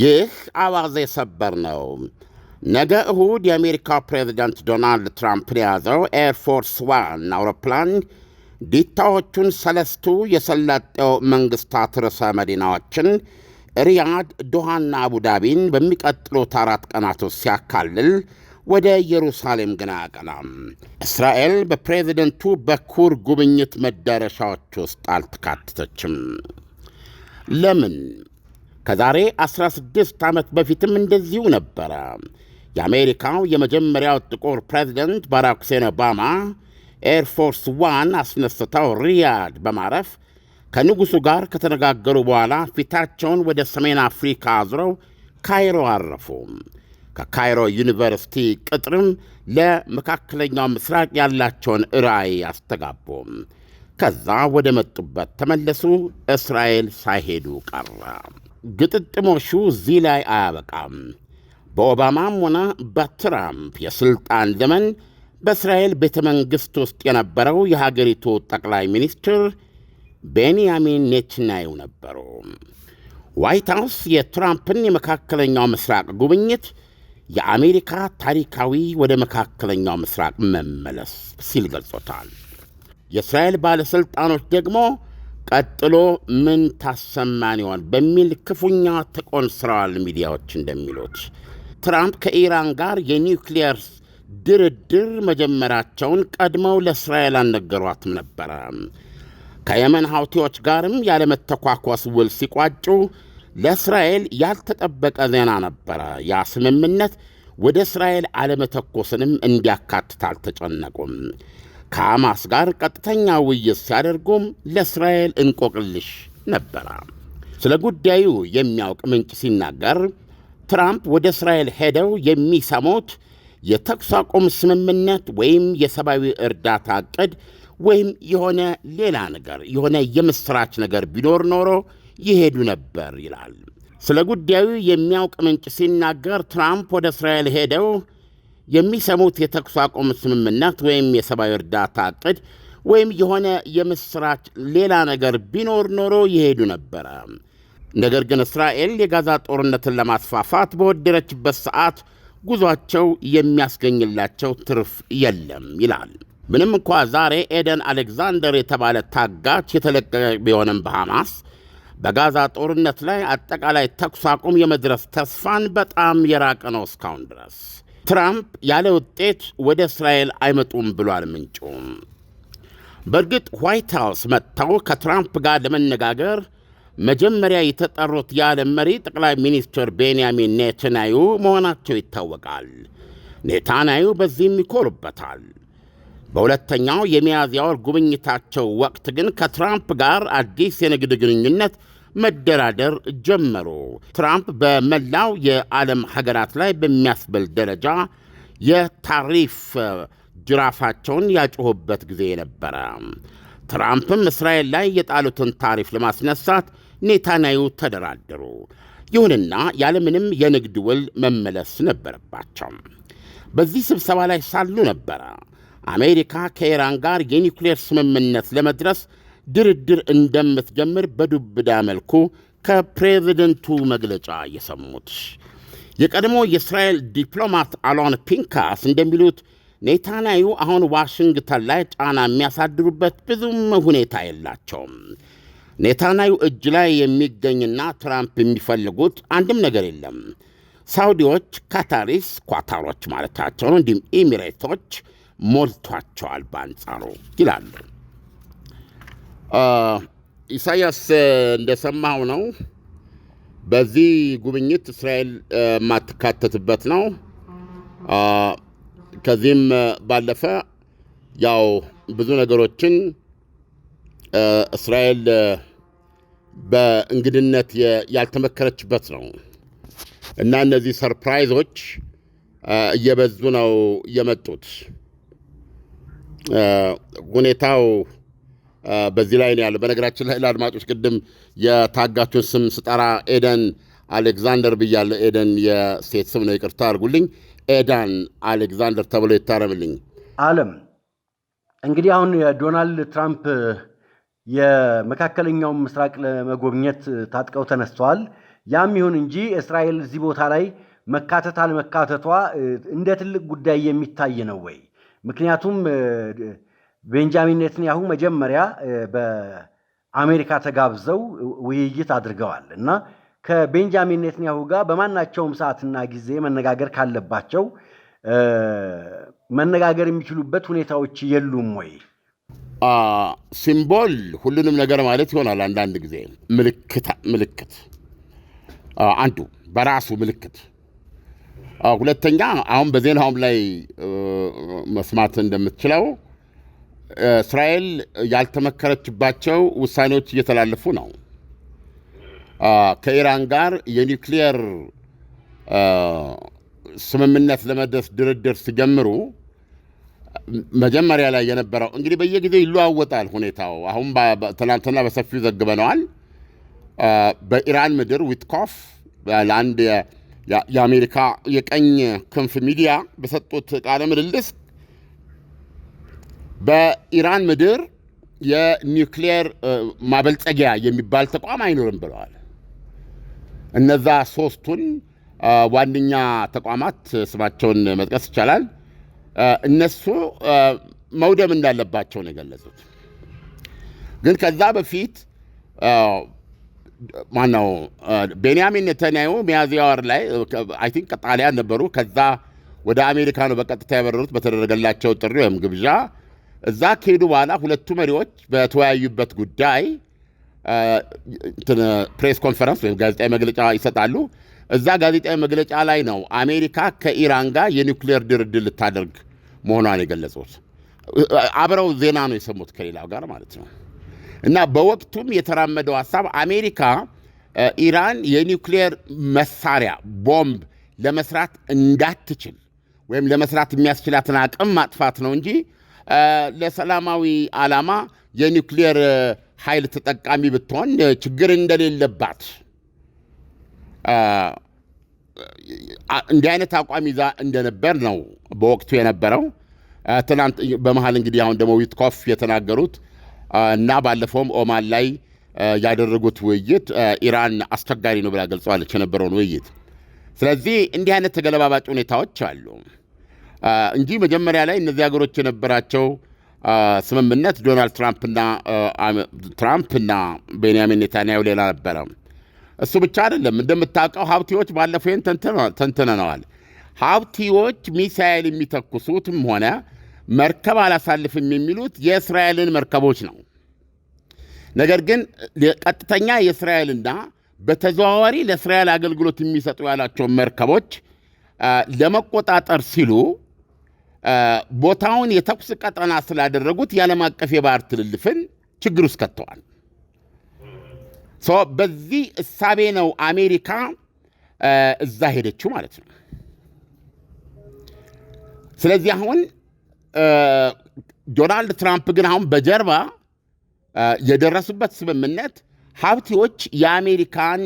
ይህ አዋዜ ሰበር ነው። ነገ እሁድ የአሜሪካው ፕሬዚደንት ዶናልድ ትራምፕን የያዘው ኤርፎርስ ዋን አውሮፕላን ዲታዎቹን ሰለስቱ የሰላጤው መንግሥታት ርዕሰ መዲናዎችን ሪያድ፣ ዶሃና አቡዳቢን በሚቀጥሉት አራት ቀናት ውስጥ ሲያካልል ወደ ኢየሩሳሌም ግን አያቀናም። እስራኤል በፕሬዚደንቱ በኩር ጉብኝት መዳረሻዎች ውስጥ አልተካተተችም። ለምን? ከዛሬ 16 ዓመት በፊትም እንደዚሁ ነበረ። የአሜሪካው የመጀመሪያው ጥቁር ፕሬዚደንት ባራክ ሁሴን ኦባማ ኤርፎርስ ዋን አስነስተው ሪያድ በማረፍ ከንጉሡ ጋር ከተነጋገሩ በኋላ ፊታቸውን ወደ ሰሜን አፍሪካ አዝረው ካይሮ አረፉ። ከካይሮ ዩኒቨርሲቲ ቅጥርም ለመካከለኛው ምስራቅ ያላቸውን ራዕይ አስተጋቡ። ከዛ ወደ መጡበት ተመለሱ። እስራኤል ሳይሄዱ ቀረ። ግጥጥሞሹ እዚህ ላይ አያበቃም። በኦባማም ሆነ በትራምፕ የሥልጣን ዘመን በእስራኤል ቤተ መንግሥት ውስጥ የነበረው የሀገሪቱ ጠቅላይ ሚኒስትር ቤንያሚን ኔትናዩ ነበሩ። ዋይት ሃውስ የትራምፕን የመካከለኛው ምስራቅ ጉብኝት የአሜሪካ ታሪካዊ ወደ መካከለኛው ምስራቅ መመለስ ሲል ገልጾታል። የእስራኤል ባለሥልጣኖች ደግሞ ቀጥሎ ምን ታሰማን ይሆን በሚል ክፉኛ ተቆንስረዋል። ሚዲያዎች እንደሚሉት ትራምፕ ከኢራን ጋር የኒውክሊየር ድርድር መጀመራቸውን ቀድመው ለእስራኤል አልነገሯትም ነበረ። ከየመን ሐውቲዎች ጋርም ያለመተኳኮስ ውል ሲቋጩ ለእስራኤል ያልተጠበቀ ዜና ነበረ። ያ ስምምነት ወደ እስራኤል አለመተኮስንም እንዲያካትት አልተጨነቁም። ከሐማስ ጋር ቀጥተኛ ውይይት ሲያደርጉም ለእስራኤል እንቆቅልሽ ነበረ። ስለ ጉዳዩ የሚያውቅ ምንጭ ሲናገር ትራምፕ ወደ እስራኤል ሄደው የሚሰሙት የተኩስ አቁም ስምምነት ወይም የሰብአዊ እርዳታ ዕቅድ ወይም የሆነ ሌላ ነገር የሆነ የምሥራች ነገር ቢኖር ኖሮ ይሄዱ ነበር ይላል። ስለ ጉዳዩ የሚያውቅ ምንጭ ሲናገር ትራምፕ ወደ እስራኤል ሄደው የሚሰሙት የተኩስ አቁም ስምምነት ወይም የሰብአዊ እርዳታ እቅድ ወይም የሆነ የምስራች ሌላ ነገር ቢኖር ኖሮ ይሄዱ ነበረ። ነገር ግን እስራኤል የጋዛ ጦርነትን ለማስፋፋት በወደረችበት ሰዓት ጉዟቸው የሚያስገኝላቸው ትርፍ የለም ይላል። ምንም እንኳ ዛሬ ኤደን አሌክዛንደር የተባለ ታጋች የተለቀቀ ቢሆንም በሐማስ በጋዛ ጦርነት ላይ አጠቃላይ ተኩስ አቁም የመድረስ ተስፋን በጣም የራቀ ነው እስካሁን ድረስ። ትራምፕ ያለ ውጤት ወደ እስራኤል አይመጡም ብሏል ምንጩ። በእርግጥ ዋይት ሃውስ መጥተው ከትራምፕ ጋር ለመነጋገር መጀመሪያ የተጠሩት የዓለም መሪ ጠቅላይ ሚኒስትር ቤንያሚን ኔታንያሁ መሆናቸው ይታወቃል። ኔታንያሁ በዚህም ይኮሩበታል። በሁለተኛው የሚያዝያ ወር ጉብኝታቸው ወቅት ግን ከትራምፕ ጋር አዲስ የንግድ ግንኙነት መደራደር ጀመሩ። ትራምፕ በመላው የዓለም ሀገራት ላይ በሚያስበል ደረጃ የታሪፍ ጅራፋቸውን ያጮሁበት ጊዜ ነበረ። ትራምፕም እስራኤል ላይ የጣሉትን ታሪፍ ለማስነሳት ኔታንያሁ ተደራደሩ። ይሁንና ያለምንም የንግድ ውል መመለስ ነበረባቸው። በዚህ ስብሰባ ላይ ሳሉ ነበረ አሜሪካ ከኢራን ጋር የኒውክሌር ስምምነት ለመድረስ ድርድር እንደምትጀምር በዱብዳ መልኩ ከፕሬዚደንቱ መግለጫ የሰሙት የቀድሞ የእስራኤል ዲፕሎማት አሎን ፒንካስ እንደሚሉት ኔታንያዩ አሁን ዋሽንግተን ላይ ጫና የሚያሳድሩበት ብዙም ሁኔታ የላቸውም። ኔታንያዩ እጅ ላይ የሚገኝና ትራምፕ የሚፈልጉት አንድም ነገር የለም። ሳውዲዎች፣ ካታሪስ፣ ኳታሮች ማለታቸው ነው፣ እንዲሁም ኢሚሬቶች ሞልቷቸዋል በአንጻሩ ይላሉ። ኢሳያስ እንደሰማው ነው። በዚህ ጉብኝት እስራኤል የማትካተትበት ነው። ከዚህም ባለፈ ያው ብዙ ነገሮችን እስራኤል በእንግድነት ያልተመከረችበት ነው እና እነዚህ ሰርፕራይዞች እየበዙ ነው የመጡት ሁኔታው በዚህ ላይ ነው ያለው። በነገራችን ላይ ለአድማጮች ቅድም የታጋቹን ስም ስጠራ ኤደን አሌክዛንደር ብያለሁ። ኤደን የሴት ስም ነው፣ ይቅርታ አድርጉልኝ። ኤዳን አሌክዛንደር ተብሎ ይታረምልኝ። አለም እንግዲህ አሁን የዶናልድ ትራምፕ የመካከለኛውን ምስራቅ ለመጎብኘት ታጥቀው ተነስተዋል። ያም ይሁን እንጂ እስራኤል እዚህ ቦታ ላይ መካተት አለመካተቷ እንደ ትልቅ ጉዳይ የሚታይ ነው ወይ? ምክንያቱም ቤንጃሚን ኔትንያሁ መጀመሪያ በአሜሪካ ተጋብዘው ውይይት አድርገዋል እና ከቤንጃሚን ኔትንያሁ ጋር በማናቸውም ሰዓትና ጊዜ መነጋገር ካለባቸው መነጋገር የሚችሉበት ሁኔታዎች የሉም ወይ? ሲምቦል ሁሉንም ነገር ማለት ይሆናል። አንዳንድ ጊዜ ምልክት ምልክት አንዱ በራሱ ምልክት። ሁለተኛ አሁን በዜናውም ላይ መስማት እንደምትችለው እስራኤል ያልተመከረችባቸው ውሳኔዎች እየተላለፉ ነው። ከኢራን ጋር የኒውክሊየር ስምምነት ለመድረስ ድርድር ሲጀምሩ መጀመሪያ ላይ የነበረው እንግዲህ በየጊዜው ይለዋወጣል ሁኔታው። አሁን ትናንትና በሰፊው ዘግበነዋል። በኢራን ምድር ዊትኮፍ ለአንድ የአሜሪካ የቀኝ ክንፍ ሚዲያ በሰጡት ቃለ ምልልስ በኢራን ምድር የኒውክሌር ማበልጸጊያ የሚባል ተቋም አይኖርም ብለዋል። እነዛ ሶስቱን ዋነኛ ተቋማት ስማቸውን መጥቀስ ይቻላል። እነሱ መውደም እንዳለባቸው ነው የገለጹት። ግን ከዛ በፊት ማነው ቤንያሚን ኔታንያሁ ሚያዝያ ወር ላይ አይ ቲንክ ጣሊያን ነበሩ። ከዛ ወደ አሜሪካ ነው በቀጥታ ያበረሩት በተደረገላቸው ጥሪ ወይም ግብዣ እዛ ከሄዱ በኋላ ሁለቱ መሪዎች በተወያዩበት ጉዳይ ፕሬስ ኮንፈረንስ ወይም ጋዜጣዊ መግለጫ ይሰጣሉ። እዛ ጋዜጣዊ መግለጫ ላይ ነው አሜሪካ ከኢራን ጋር የኒውክሌር ድርድር ልታደርግ መሆኗን የገለጹት። አብረው ዜና ነው የሰሙት ከሌላው ጋር ማለት ነው። እና በወቅቱም የተራመደው ሀሳብ አሜሪካ ኢራን የኒውክሌር መሳሪያ ቦምብ ለመስራት እንዳትችል ወይም ለመስራት የሚያስችላትን አቅም ማጥፋት ነው እንጂ ለሰላማዊ ዓላማ የኒውክሌር ኃይል ተጠቃሚ ብትሆን ችግር እንደሌለባት እንዲህ አይነት አቋም ይዛ እንደነበር ነው በወቅቱ የነበረው። ትናንት በመሀል እንግዲህ አሁን ደግሞ ዊትኮፍ የተናገሩት እና ባለፈውም ኦማን ላይ ያደረጉት ውይይት ኢራን አስቸጋሪ ነው ብላ ገልጸዋለች የነበረውን ውይይት። ስለዚህ እንዲህ አይነት ተገለባባጭ ሁኔታዎች አሉ። እንጂ መጀመሪያ ላይ እነዚህ ሀገሮች የነበራቸው ስምምነት ዶናልድ ትራምፕና ትራምፕና ቤንያሚን ኔታንያሁ ሌላ ነበረ። እሱ ብቻ አይደለም። እንደምታውቀው ሀብቲዎች ባለፈው ተንትነነዋል። ሀብቲዎች ሚሳኤል የሚተኩሱትም ሆነ መርከብ አላሳልፍም የሚሉት የእስራኤልን መርከቦች ነው። ነገር ግን ቀጥተኛ የእስራኤልና በተዘዋዋሪ ለእስራኤል አገልግሎት የሚሰጡ ያላቸውን መርከቦች ለመቆጣጠር ሲሉ ቦታውን የተኩስ ቀጠና ስላደረጉት የዓለም አቀፍ የባህር ትልልፍን ችግር ውስጥ ከተዋል። በዚህ እሳቤ ነው አሜሪካ እዛ ሄደችው ማለት ነው። ስለዚህ አሁን ዶናልድ ትራምፕ ግን አሁን በጀርባ የደረሱበት ስምምነት ሀብቲዎች የአሜሪካን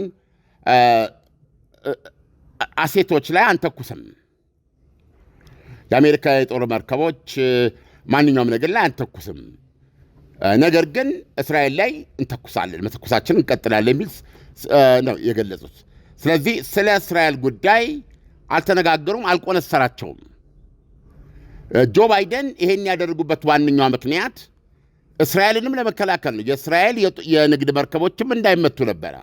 አሴቶች ላይ አንተኩስም የአሜሪካ የጦር መርከቦች ማንኛውም ነገር ላይ አንተኩስም፣ ነገር ግን እስራኤል ላይ እንተኩሳለን፣ መተኩሳችን እንቀጥላለን የሚል ነው የገለጹት። ስለዚህ ስለ እስራኤል ጉዳይ አልተነጋገሩም፣ አልቆነሰራቸውም። ጆ ባይደን ይሄን ያደረጉበት ዋነኛው ምክንያት እስራኤልንም ለመከላከል ነው። የእስራኤል የንግድ መርከቦችም እንዳይመቱ ነበረ።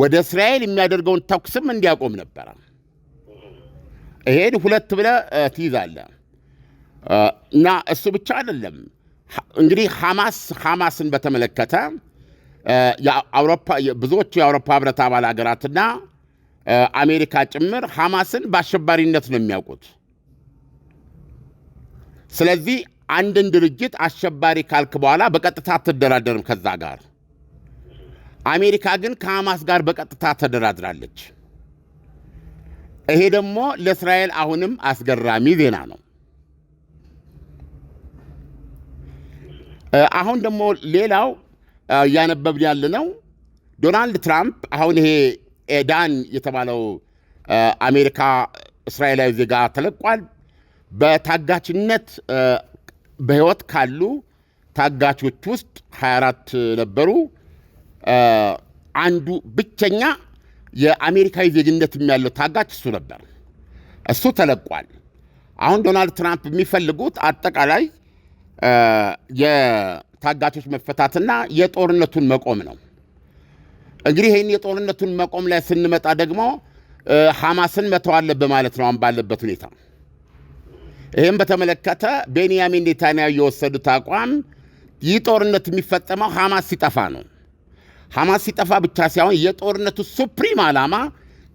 ወደ እስራኤል የሚያደርገውን ተኩስም እንዲያቆም ነበረ። ይሄን ሁለት ብለህ አለ እና እሱ ብቻ አይደለም እንግዲህ ሐማስ ሐማስን በተመለከተ ብዙዎቹ የአውሮፓ ህብረት አባል ሀገራትና አሜሪካ ጭምር ሐማስን በአሸባሪነት ነው የሚያውቁት። ስለዚህ አንድን ድርጅት አሸባሪ ካልክ በኋላ በቀጥታ አትደራደርም ከዛ ጋር። አሜሪካ ግን ከሐማስ ጋር በቀጥታ ተደራድራለች። ይሄ ደግሞ ለእስራኤል አሁንም አስገራሚ ዜና ነው። አሁን ደግሞ ሌላው እያነበብን ያለ ነው ዶናልድ ትራምፕ አሁን ይሄ ኤዳን የተባለው አሜሪካ እስራኤላዊ ዜጋ ተለቋል። በታጋችነት በሕይወት ካሉ ታጋቾች ውስጥ 24 ነበሩ። አንዱ ብቸኛ የአሜሪካዊ ዜግነትም ያለው ታጋች እሱ ነበር። እሱ ተለቋል። አሁን ዶናልድ ትራምፕ የሚፈልጉት አጠቃላይ የታጋቾች መፈታትና የጦርነቱን መቆም ነው። እንግዲህ ይህን የጦርነቱን መቆም ላይ ስንመጣ ደግሞ ሐማስን መተው አለብህ ማለት ነው አሁን ባለበት ሁኔታ። ይህም በተመለከተ ቤንያሚን ኔታንያሁ የወሰዱት አቋም ይህ ጦርነት የሚፈጸመው ሐማስ ሲጠፋ ነው። ሐማስ ሲጠፋ ብቻ ሳይሆን የጦርነቱ ሱፕሪም ዓላማ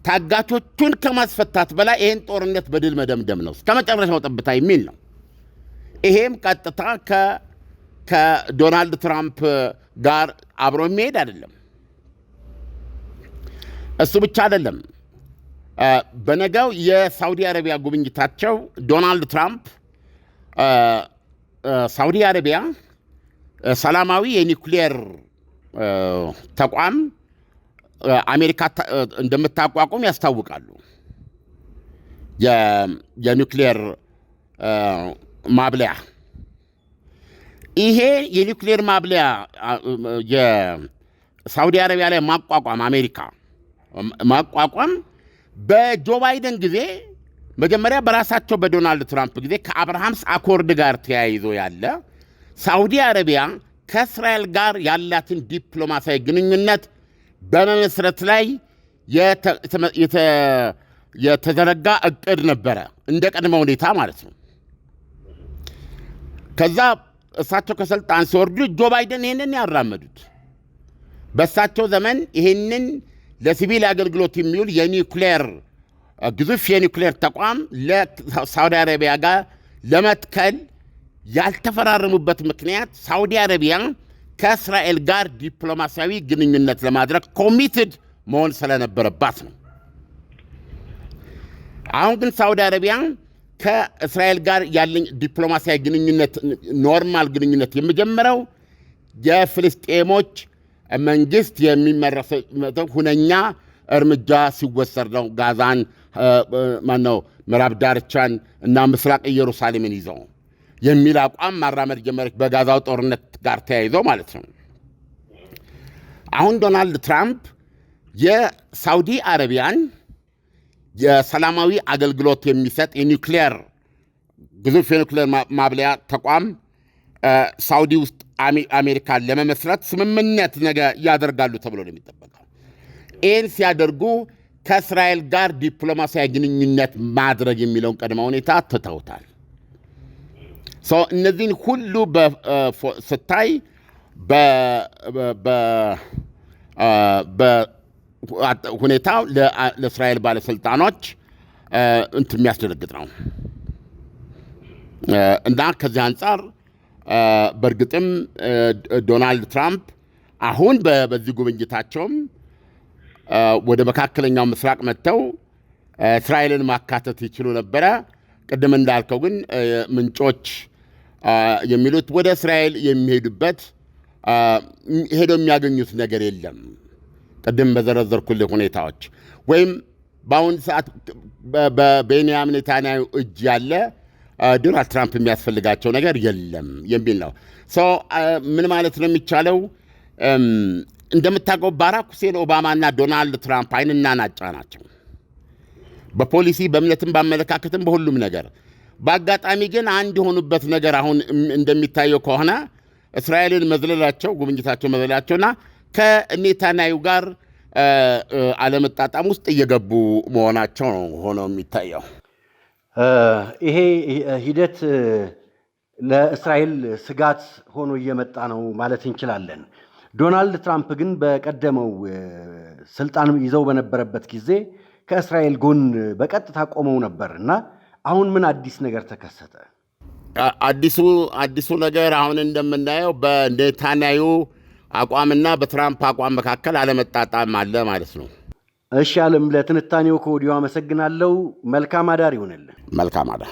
ታጋቾቹን ከማስፈታት በላይ ይህን ጦርነት በድል መደምደም ነው እስከ መጨረሻው ጠብታ የሚል ነው። ይሄም ቀጥታ ከዶናልድ ትራምፕ ጋር አብሮ የሚሄድ አይደለም። እሱ ብቻ አይደለም። በነገው የሳውዲ አረቢያ ጉብኝታቸው ዶናልድ ትራምፕ ሳውዲ አረቢያ ሰላማዊ የኒውክሌር ተቋም አሜሪካ እንደምታቋቁም ያስታውቃሉ። የኒውክሌር ማብለያ ይሄ የኒውክሌር ማብለያ የሳውዲ አረቢያ ላይ ማቋቋም አሜሪካ ማቋቋም በጆ ባይደን ጊዜ መጀመሪያ በራሳቸው በዶናልድ ትራምፕ ጊዜ ከአብርሃምስ አኮርድ ጋር ተያይዞ ያለ ሳውዲ አረቢያ ከእስራኤል ጋር ያላትን ዲፕሎማሲያዊ ግንኙነት በመመስረት ላይ የተዘረጋ እቅድ ነበረ፣ እንደ ቀድመ ሁኔታ ማለት ነው። ከዛ እሳቸው ከስልጣን ሲወርዱ ጆ ባይደን ይህንን ያራመዱት በእሳቸው ዘመን ይህንን ለሲቪል አገልግሎት የሚውል የኒውክሌር ግዙፍ የኒውክሌር ተቋም ለሳውዲ አረቢያ ጋር ለመትከል ያልተፈራረሙበት ምክንያት ሳውዲ አረቢያ ከእስራኤል ጋር ዲፕሎማሲያዊ ግንኙነት ለማድረግ ኮሚትድ መሆን ስለነበረባት ነው። አሁን ግን ሳውዲ አረቢያ ከእስራኤል ጋር ያለኝ ዲፕሎማሲያዊ ግንኙነት ኖርማል ግንኙነት የምጀምረው የፍልስጤሞች መንግስት የሚመረሰ ሁነኛ እርምጃ ሲወሰድ ነው። ጋዛን ማነው ምዕራብ ዳርቻን እና ምስራቅ ኢየሩሳሌምን ይዘው የሚል አቋም ማራመድ ጀመረች፣ በጋዛው ጦርነት ጋር ተያይዞ ማለት ነው። አሁን ዶናልድ ትራምፕ የሳውዲ አረቢያን የሰላማዊ አገልግሎት የሚሰጥ የኒውክሊየር ግዙፍ የኒውክሊየር ማብለያ ተቋም ሳውዲ ውስጥ አሜሪካን ለመመስረት ስምምነት ነገ ያደርጋሉ ተብሎ ነው የሚጠበቀው። ይህን ሲያደርጉ ከእስራኤል ጋር ዲፕሎማሲያዊ ግንኙነት ማድረግ የሚለውን ቅድመ ሁኔታ ትተውታል። እነዚህን ሁሉ ስታይ ሁኔታ ለእስራኤል ባለስልጣኖች እንትን የሚያስደነግጥ ነው እና ከዚህ አንጻር በእርግጥም ዶናልድ ትራምፕ አሁን በዚህ ጉብኝታቸውም ወደ መካከለኛው ምስራቅ መጥተው እስራኤልን ማካተት ይችሉ ነበረ። ቅድም እንዳልከው ግን ምንጮች የሚሉት ወደ እስራኤል የሚሄዱበት ሄደው የሚያገኙት ነገር የለም። ቅድም በዘረዘርኩልህ ሁኔታዎች ወይም በአሁኑ ሰዓት በቤንያም ኔታንያሁ እጅ ያለ ዶናልድ ትራምፕ የሚያስፈልጋቸው ነገር የለም የሚል ነው። ምን ማለት ነው የሚቻለው? እንደምታውቀው ባራክ ሁሴን ኦባማና ዶናልድ ትራምፕ አይንና ናጫ ናቸው፣ በፖሊሲ በእምነትም በአመለካከትም በሁሉም ነገር በአጋጣሚ ግን አንድ የሆኑበት ነገር አሁን እንደሚታየው ከሆነ እስራኤልን መዝለላቸው ጉብኝታቸው መዝለላቸውና ከኔታናዩ ጋር አለመጣጣም ውስጥ እየገቡ መሆናቸው ነው ሆነው የሚታየው። ይሄ ሂደት ለእስራኤል ስጋት ሆኖ እየመጣ ነው ማለት እንችላለን። ዶናልድ ትራምፕ ግን በቀደመው ስልጣን ይዘው በነበረበት ጊዜ ከእስራኤል ጎን በቀጥታ ቆመው ነበር እና አሁን ምን አዲስ ነገር ተከሰተ? አዲሱ አዲሱ ነገር አሁን እንደምናየው በኔታንያዩ አቋምና በትራምፕ አቋም መካከል አለመጣጣም አለ ማለት ነው። እሺ አለም፣ ለትንታኔው ከወዲሁ አመሰግናለሁ። መልካም አዳር ይሆንልን። መልካም አዳር